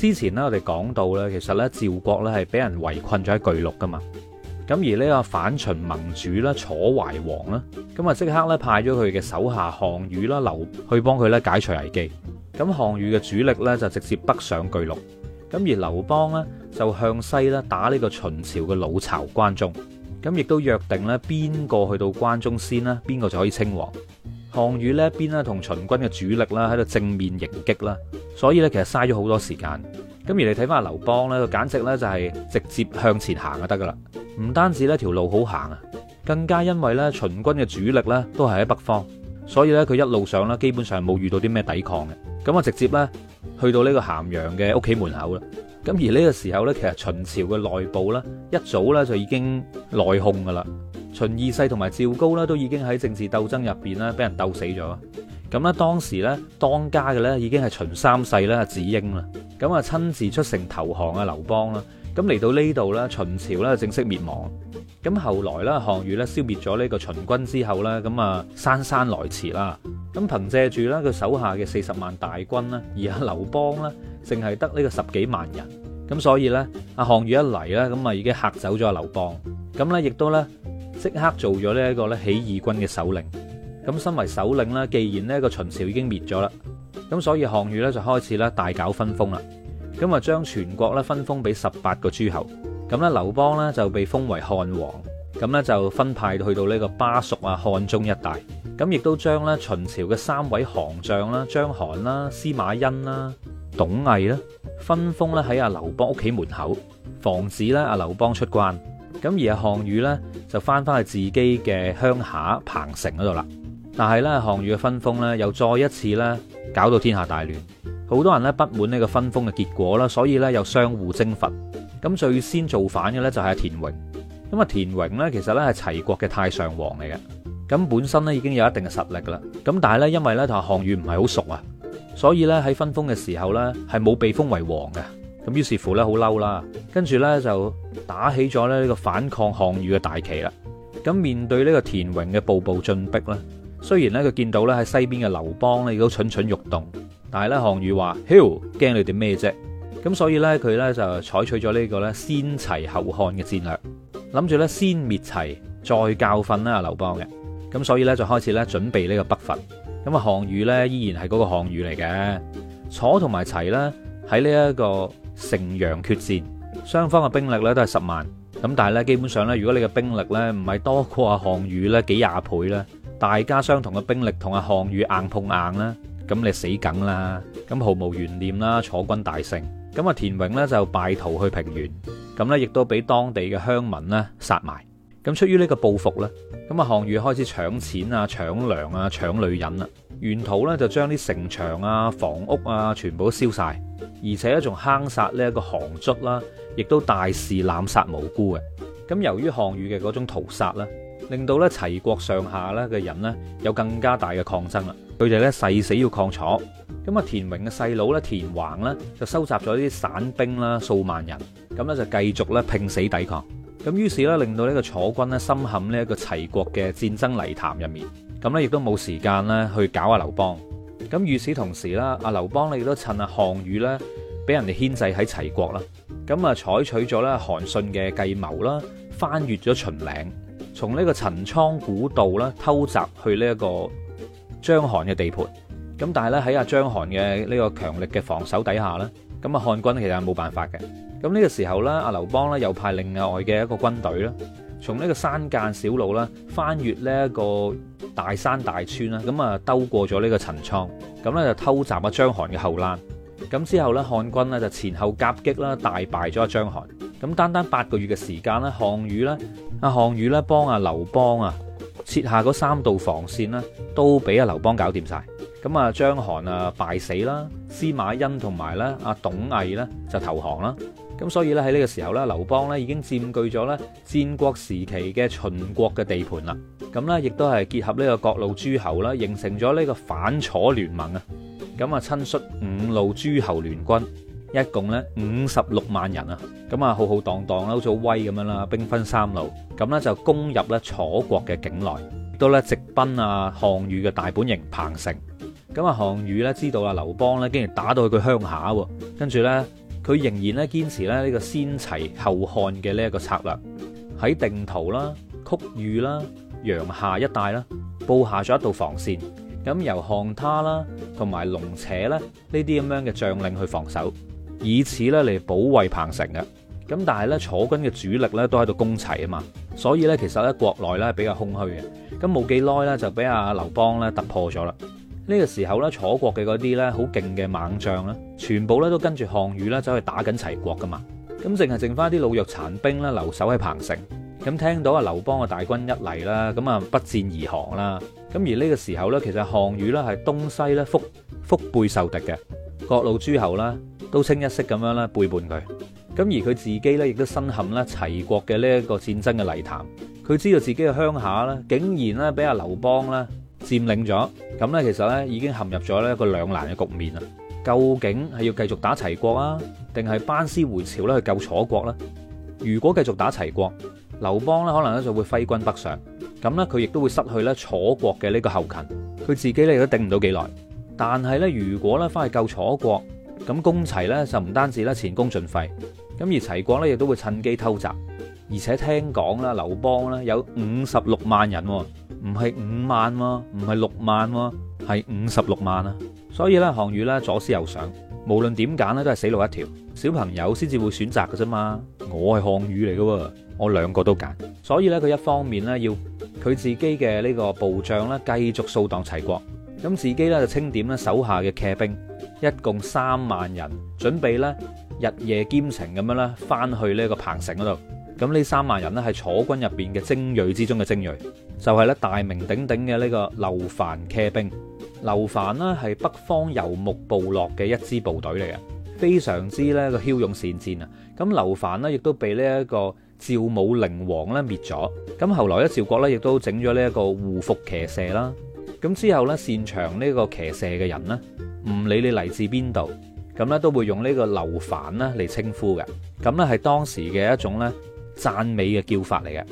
之前咧，我哋講到咧，其實咧趙國咧係俾人圍困咗喺巨鹿噶嘛，咁而呢個反秦盟主啦，楚懷王啦，咁啊即刻咧派咗佢嘅手下項羽啦，劉去幫佢咧解除危機。咁項羽嘅主力咧就直接北上巨鹿，咁而劉邦咧就向西啦打呢個秦朝嘅老巢關中，咁亦都約定咧邊個去到關中先啦，邊個就可以稱王。項羽呢一邊同秦軍嘅主力啦喺度正面迎擊啦，所以咧其實嘥咗好多時間。咁而你睇翻阿劉邦咧，佢簡直咧就係直接向前行就得噶啦！唔單止呢條路好行啊，更加因為咧秦軍嘅主力咧都係喺北方，所以咧佢一路上咧基本上冇遇到啲咩抵抗嘅。咁啊直接咧去到呢個咸陽嘅屋企門口啦。咁而呢個時候咧，其實秦朝嘅內部咧一早咧就已經內訌噶啦。秦二世同埋趙高咧，都已經喺政治鬥爭入邊咧，俾人鬥死咗。咁咧，當時咧，當家嘅咧已經係秦三世咧，子嬰，啦。咁啊，親自出城投降啊，劉邦啦。咁嚟到呢度咧，秦朝咧正式滅亡。咁後來咧，項羽咧消滅咗呢個秦軍之後咧，咁啊，姍姍來遲啦。咁憑借住咧佢手下嘅四十萬大軍咧，而阿劉邦咧，淨係得呢個十幾萬人。咁所以咧，阿項羽一嚟咧，咁啊已經嚇走咗阿劉邦。咁呢亦都咧。即刻做咗呢一個咧起義軍嘅首領，咁身為首領呢，既然呢個秦朝已經滅咗啦，咁所以項羽呢就開始咧大搞分封啦，咁啊將全國咧分封俾十八個諸侯，咁咧劉邦呢就被封為漢王，咁咧就分派去到呢個巴蜀啊漢中一帶，咁亦都將咧秦朝嘅三位降將啦，章邯啦，司馬欣啦，董翳啦，分封咧喺阿劉邦屋企門口，防止咧阿劉邦出關。咁而係項羽呢，就翻翻去自己嘅鄉下彭城嗰度啦，但係呢，項羽嘅分封呢，又再一次呢搞到天下大亂，好多人呢，不滿呢個分封嘅結果啦，所以呢，又相互徵伐。咁最先造反嘅呢，就係田榮，咁啊，田榮呢，其實呢係齊國嘅太上皇嚟嘅，咁本身呢，已經有一定嘅實力啦，咁但係呢，因為呢，同項羽唔係好熟啊，所以呢，喺分封嘅時候呢，係冇被封為王嘅。咁於是乎咧，好嬲啦，跟住咧就打起咗咧呢個反抗項羽嘅大旗啦。咁面對呢個田榮嘅步步進逼啦。雖然咧佢見到咧喺西邊嘅劉邦咧亦都蠢蠢欲動，但係咧項羽話，嚇，驚你哋咩啫？咁所以咧佢咧就採取咗呢個咧先齊後漢嘅戰略，諗住咧先滅齊，再教訓啦阿劉邦嘅。咁所以咧就開始咧準備呢個北伐。咁啊項羽咧依，依然係嗰個項羽嚟嘅，楚同埋齊咧喺呢一、這個。城陽決戰，雙方嘅兵力咧都係十萬，咁但係咧基本上咧，如果你嘅兵力咧唔係多過阿項羽咧幾廿倍咧，大家相同嘅兵力同阿項羽硬碰硬咧，咁你死梗啦，咁毫無懸念啦，楚軍大勝，咁阿田榮咧就敗逃去平原，咁咧亦都俾當地嘅鄉民咧殺埋，咁出於呢個報復咧，咁阿項羽開始搶錢啊、搶糧啊、搶女人啦。沿途咧就將啲城牆啊、房屋啊，全部都燒晒，而且仲坑殺呢一個降卒啦，亦都大肆濫殺無辜嘅。咁由於項羽嘅嗰種屠殺啦，令到咧齊國上下咧嘅人呢，有更加大嘅抗爭啦，佢哋咧誓死要抗楚。咁啊，田榮嘅細佬咧田橫呢，就收集咗啲散兵啦，數萬人，咁咧就繼續咧拼死抵抗。咁於是咧令到呢個楚軍呢，深陷呢一個齊國嘅戰爭泥潭入面。咁咧，亦都冇時間咧去搞阿劉邦。咁與此同時啦，阿劉邦亦都趁阿項羽咧俾人哋牽制喺齊國啦。咁啊，採取咗咧韓信嘅計謀啦，翻越咗秦嶺，從呢個陳倉古道咧偷襲去呢一個張韓嘅地盤。咁但係咧喺阿張韓嘅呢個強力嘅防守底下咧，咁啊漢軍咧其實係冇辦法嘅。咁、這、呢個時候咧，阿劉邦咧又派另外嘅一個軍隊啦。從呢個山間小路啦，翻越呢一個大山大川，啦、嗯，咁啊兜過咗呢個陳倉，咁咧就偷襲阿張韓嘅後欄，咁之後呢，漢軍呢就前後夾擊啦，大敗咗阿張韓，咁單單八個月嘅時間呢項羽、啊、呢阿項羽咧幫阿劉邦啊設下嗰三道防線呢都俾阿、啊、劉邦搞掂晒。咁啊張韓啊敗死啦，司馬欣同埋咧阿董翳呢，就投降啦。咁所以咧喺呢個時候呢劉邦咧已經佔據咗呢戰國時期嘅秦國嘅地盤啦。咁呢，亦都係結合呢個各路諸侯啦，形成咗呢個反楚聯盟啊。咁啊，親率五路諸侯聯軍，一共呢五十六萬人啊。咁啊，浩浩蕩蕩啦，好似威咁樣啦，兵分三路，咁呢，就攻入呢楚國嘅境內，到呢直奔啊項羽嘅大本營彭城。咁啊，項羽呢知道啊，劉邦呢竟然打到去佢鄉下，跟住呢。佢仍然咧堅持咧呢個先齊後漢嘅呢一個策略，喺定陶啦、曲遇啦、陽夏一帶啦，佈下咗一道防線，咁由項他啦同埋龍且咧呢啲咁樣嘅將領去防守，以此咧嚟保衞彭城嘅。咁但係咧，楚軍嘅主力咧都喺度攻齊啊嘛，所以咧其實咧國內咧比較空虛嘅。咁冇幾耐咧就俾阿劉邦咧突破咗啦。呢個時候咧，楚國嘅嗰啲咧好勁嘅猛將咧，全部咧都跟住項羽咧走去打緊齊國噶嘛。咁淨係剩翻啲老弱殘兵啦，留守喺彭城。咁聽到阿劉邦嘅大軍一嚟啦，咁啊不戰而降啦。咁而呢個時候咧，其實項羽咧係東西咧腹腹背受敵嘅，各路諸侯啦都清一色咁樣咧背叛佢。咁而佢自己咧亦都深陷咧齊國嘅呢一個戰爭嘅泥潭。佢知道自己嘅鄉下咧竟然咧俾阿劉邦咧佔領咗，咁咧其實咧已經陷入咗咧一個兩難嘅局面啊！究竟係要繼續打齊國啊，定係班師回朝咧去救楚國咧？如果繼續打齊國，劉邦咧可能咧就會揮軍北上，咁咧佢亦都會失去咧楚國嘅呢個後勤，佢自己咧亦都頂唔到幾耐。但係咧，如果咧翻去救楚國，咁攻齊咧就唔單止咧前功盡廢，咁而齊國咧亦都會趁機偷襲，而且聽講啦，劉邦咧有五十六萬人。唔係五萬喎，唔係六萬喎，係五十六萬啊！所以呢項羽呢，左思右想，無論點揀呢都係死路一條。小朋友先至會選擇嘅啫嘛，我係項羽嚟嘅，我兩個都揀。所以呢，佢一方面呢，要佢自己嘅呢個部將呢，繼續掃蕩齊國，咁自己呢，就清點呢手下嘅騎兵，一共三萬人，準備呢日夜兼程咁樣呢翻去呢個彭城嗰度。咁呢三萬人呢，係楚軍入邊嘅精銳之中嘅精銳。就係咧，大名鼎鼎嘅呢個樓煩騎兵。樓煩咧，係北方遊牧部落嘅一支部隊嚟嘅，非常之呢個驍勇善戰啊！咁樓煩呢亦都被呢一個趙武靈王咧，滅咗。咁後來咧趙國呢亦都整咗呢一個胡服騎射啦。咁之後呢，擅長呢個騎射嘅人呢，唔理你嚟自邊度，咁呢都會用呢個樓煩呢嚟稱呼嘅。咁呢係當時嘅一種呢讚美嘅叫法嚟嘅。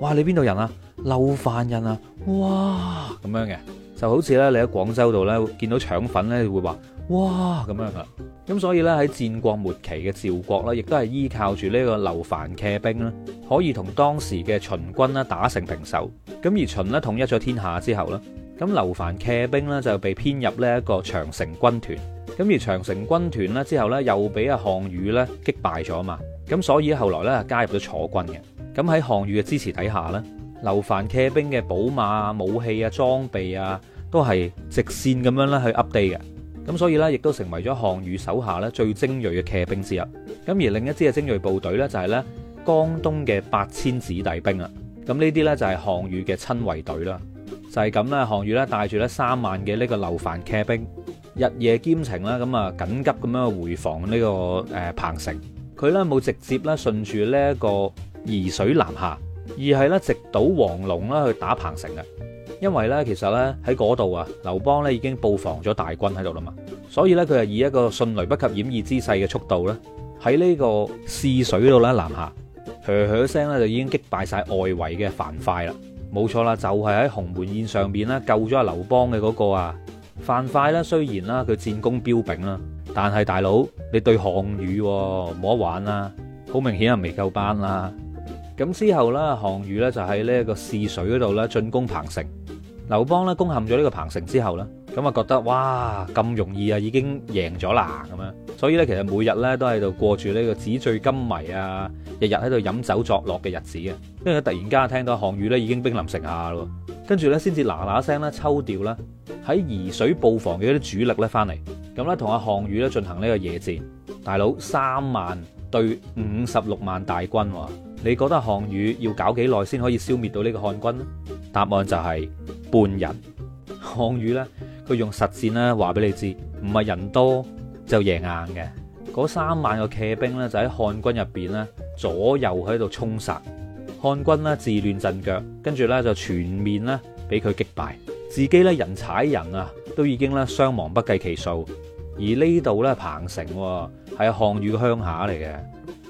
哇！你邊度人啊？劉凡人啊！哇，咁樣嘅就好似呢，你喺廣州度呢，見到腸粉呢，會話哇，咁樣噶。咁所以呢，喺戰國末期嘅趙國呢，亦都係依靠住呢個劉凡騎兵咧，可以同當時嘅秦軍咧打成平手。咁而秦咧統一咗天下之後呢，咁劉凡騎兵呢，就被編入呢一個長城軍團。咁而長城軍團呢，之後呢，又俾阿項羽咧擊敗咗啊嘛。咁所以後來呢，加入咗楚軍嘅。咁喺項羽嘅支持底下呢。劉范騎兵嘅寶馬、武器啊、裝備啊，都係直線咁樣咧去 update 嘅，咁所以呢，亦都成為咗項羽手下咧最精鋭嘅騎兵之一。咁而另一支嘅精鋭部隊呢，就係呢江東嘅八千子弟兵啊。咁呢啲呢，就係項羽嘅親衛隊啦。就係咁呢，項羽咧帶住呢三萬嘅呢個劉范騎兵，日夜兼程啦，咁啊緊急咁樣回防呢個誒彭城。佢呢，冇直接咧順住呢一個沂水南下。而係咧，直搗黃龍啦，去打彭城啊！因為咧，其實咧喺嗰度啊，劉邦咧已經布防咗大軍喺度啦嘛，所以咧佢係以一個迅雷不及掩耳之勢嘅速度咧，喺呢個泗水度咧南下，噓噓聲咧就已經擊敗晒外圍嘅樊噲啦！冇錯啦，就係喺鴻門宴上面咧救咗阿劉邦嘅嗰個啊樊噲啦！雖然啦佢戰功彪炳啦，但係大佬你對項羽冇得玩啦，啊，好明顯係未夠班啦，啊。咁之後呢，項羽呢就喺呢一個泗水嗰度呢進攻彭城。劉邦呢攻陷咗呢個彭城之後呢，咁啊覺得哇咁容易啊，已經贏咗啦咁樣。所以呢，其實每日呢都喺度過住呢個紙醉金迷啊，日日喺度飲酒作樂嘅日子嘅。跟住突然間聽到項羽呢已經兵臨城下咯，跟住呢先至嗱嗱聲呢抽調啦，喺沂水布防嘅啲主力呢翻嚟，咁呢，同阿項羽呢進行呢個野戰。大佬三萬對五十六萬大軍喎。你覺得項羽要搞幾耐先可以消滅到呢個漢軍咧？答案就係半日。項羽呢，佢用實戰咧話俾你知，唔係人多就贏硬嘅。嗰三萬個騎兵呢，就喺漢軍入邊咧左右喺度衝殺，漢軍咧自亂陣腳，跟住呢就全面咧俾佢擊敗，自己呢，人踩人啊，都已經呢，傷亡不計其數。而呢度呢，彭城係項羽嘅鄉下嚟嘅。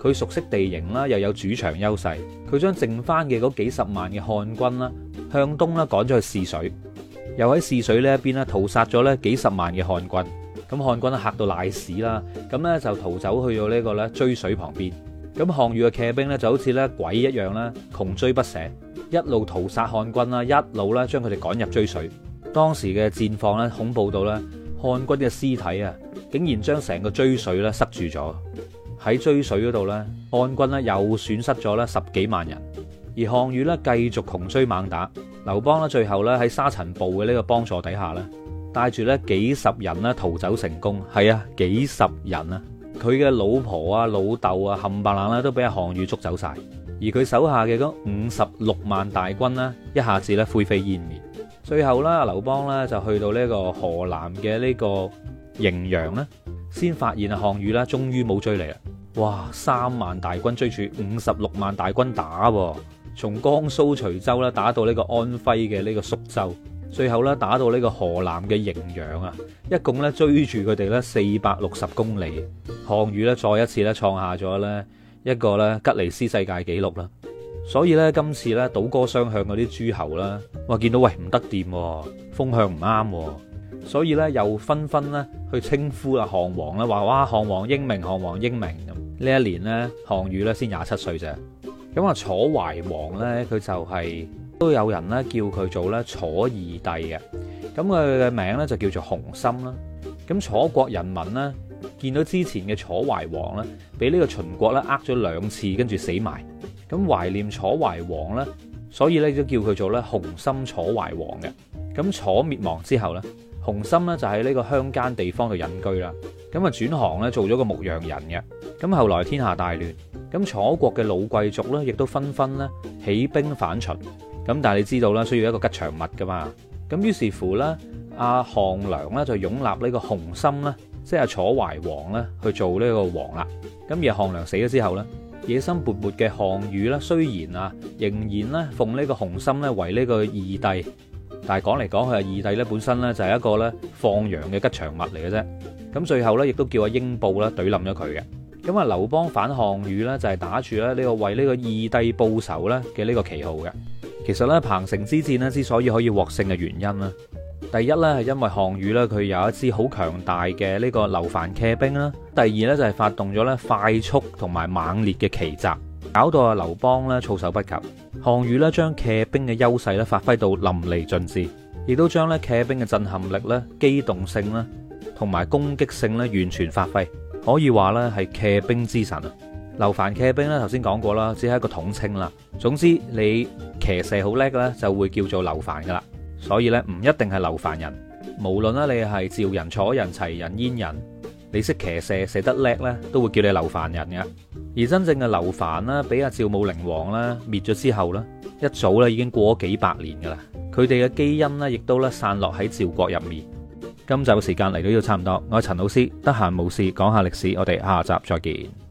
佢熟悉地形啦，又有主場優勢。佢將剩翻嘅嗰幾十萬嘅漢軍啦，向東啦趕咗去泗水，又喺泗水呢一邊啦屠殺咗咧幾十萬嘅漢軍。咁漢軍咧嚇到瀨屎啦，咁咧就逃走去咗呢個咧睢水旁邊。咁項羽嘅騎兵咧就好似咧鬼一樣啦，窮追不捨，一路屠殺漢軍啦，一路咧將佢哋趕入睢水。當時嘅戰況咧恐怖到咧漢軍嘅屍體啊，竟然將成個睢水咧塞住咗。喺追水嗰度呢漢軍咧又損失咗呢十幾萬人，而項羽呢，繼續窮追猛打，劉邦呢，最後呢，喺沙塵暴嘅呢個幫助底下呢帶住呢幾十人咧逃走成功。係啊，幾十人啊，佢嘅老婆啊、老豆啊、冚唪唥咧都俾阿項羽捉走晒。而佢手下嘅嗰五十六萬大軍呢，一下子呢灰飛煙滅。最後呢，劉邦呢，就去到呢個河南嘅呢、呢個滎陽呢。先發現啊，項羽啦，終於冇追嚟啦！哇，三萬大軍追住五十六萬大軍打，啊，從江蘇徐州啦，打到呢個安徽嘅呢個宿州，最後啦打到呢個河南嘅營養啊，一共咧追住佢哋咧四百六十公里，項羽咧再一次咧創下咗咧一個咧吉尼斯世界紀錄啦！所以咧今次咧倒戈雙向嗰啲諸侯啦，哇見到喂唔得掂，啊，風向唔啱，啊。所以咧，又紛紛咧去稱呼啊，項王咧話：哇，項王英明，項王英明咁。呢一年咧，項羽咧先廿七歲啫。咁啊，楚懷王咧，佢就係、是、都有人咧叫佢做咧楚二帝嘅。咁佢嘅名咧就叫做熊心啦。咁楚國人民呢，見到之前嘅楚懷王咧，俾呢個秦國咧呃咗兩次，跟住死埋咁懷念楚懷王咧，所以咧都叫佢做咧熊心楚懷王嘅。咁楚滅亡之後咧。熊心呢，就喺呢個鄉間地方度隱居啦，咁啊轉行呢，做咗個牧羊人嘅，咁後來天下大亂，咁楚國嘅老貴族呢，亦都紛紛呢起兵反秦，咁但係你知道啦，需要一個吉祥物噶嘛，咁於是乎呢，阿項梁呢，就擁立呢個熊心呢，即係楚懷王呢去做呢個王啦，咁而項梁死咗之後呢，野心勃勃嘅項羽呢，雖然啊仍然呢奉呢個熊心呢為呢個義帝。但係講嚟講去，啊義帝咧本身咧就係一個咧放羊嘅吉祥物嚟嘅啫。咁最後咧，亦都叫阿英布咧懟冧咗佢嘅。咁阿劉邦反項羽咧，就係打住咧呢個為呢個義帝報仇咧嘅呢個旗號嘅。其實咧，彭城之戰咧之所以可以獲勝嘅原因咧，第一咧係因為項羽咧佢有一支好強大嘅呢個樓煩騎兵啦。第二咧就係、是、發動咗咧快速同埋猛烈嘅奇襲。搞到阿劉邦呢措手不及，項羽呢將騎兵嘅優勢咧發揮到淋漓盡致，亦都將咧騎兵嘅震撼力咧、機動性咧同埋攻擊性咧完全發揮，可以話咧係騎兵之神啊！劉凡騎兵咧頭先講過啦，只係一個統稱啦。總之你騎射好叻嘅咧，就會叫做劉凡噶啦。所以咧唔一定係劉凡人，無論啦你係趙人、楚人、齊人、燕人。你識騎射，射得叻呢都會叫你樓煩人噶而真正嘅樓煩呢，俾阿趙武靈王啦滅咗之後呢，一早呢已經過咗幾百年噶啦。佢哋嘅基因呢，亦都呢散落喺趙國入面。今集嘅時間嚟到呢度差唔多，我係陳老師，得閒冇事講下歷史，我哋下集再見。